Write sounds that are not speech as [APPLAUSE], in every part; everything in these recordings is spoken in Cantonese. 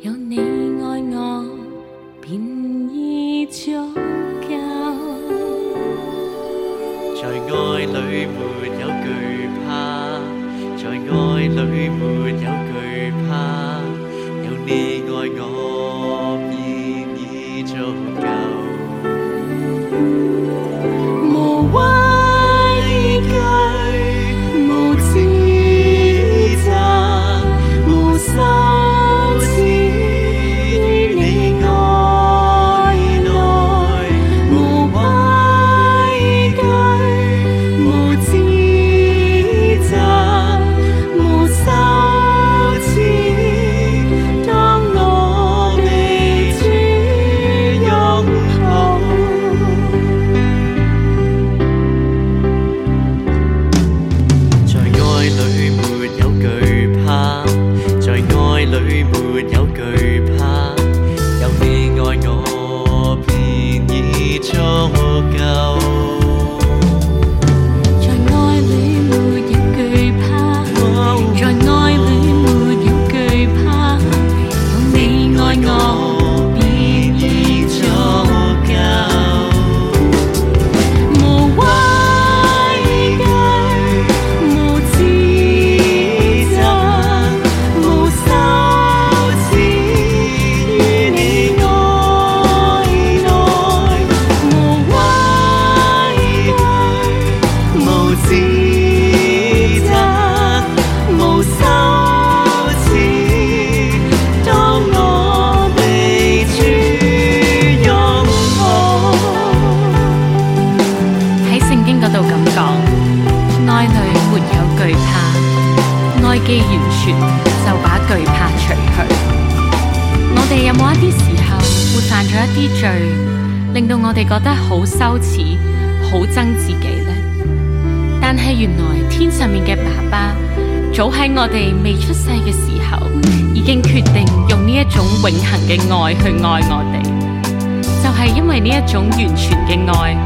有你愛我，便已足夠。 [NOISE] 在愛裡沒有懼怕，在愛裡沒有。完全就把懼怕除去。我哋有冇一啲時候會犯咗一啲罪，令到我哋覺得好羞恥、好憎自己呢？但係原來天上面嘅爸爸，早喺我哋未出世嘅時候，已經決定用呢一種永恆嘅愛去愛我哋。就係因為呢一種完全嘅愛，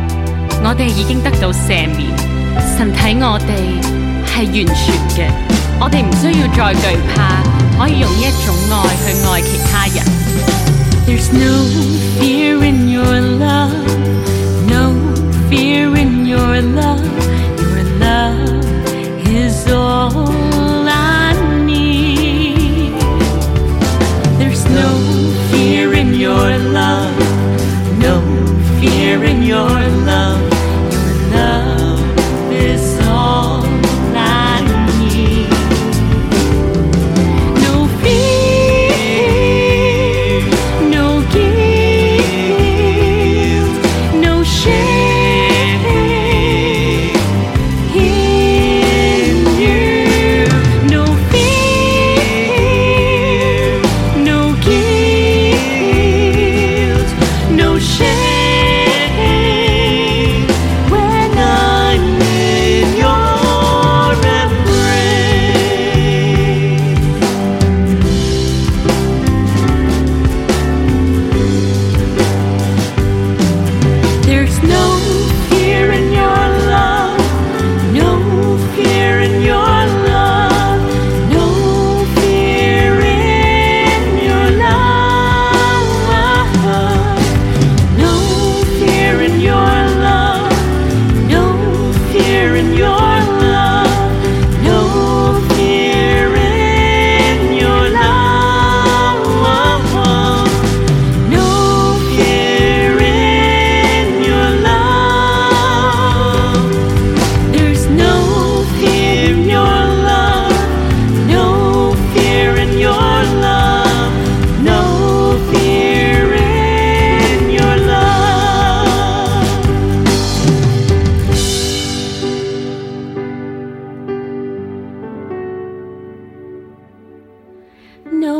我哋已經得到赦免。神睇我哋係完全嘅。我哋唔需要再懼怕，可以用一種愛去愛其他人。There's no fear in your love.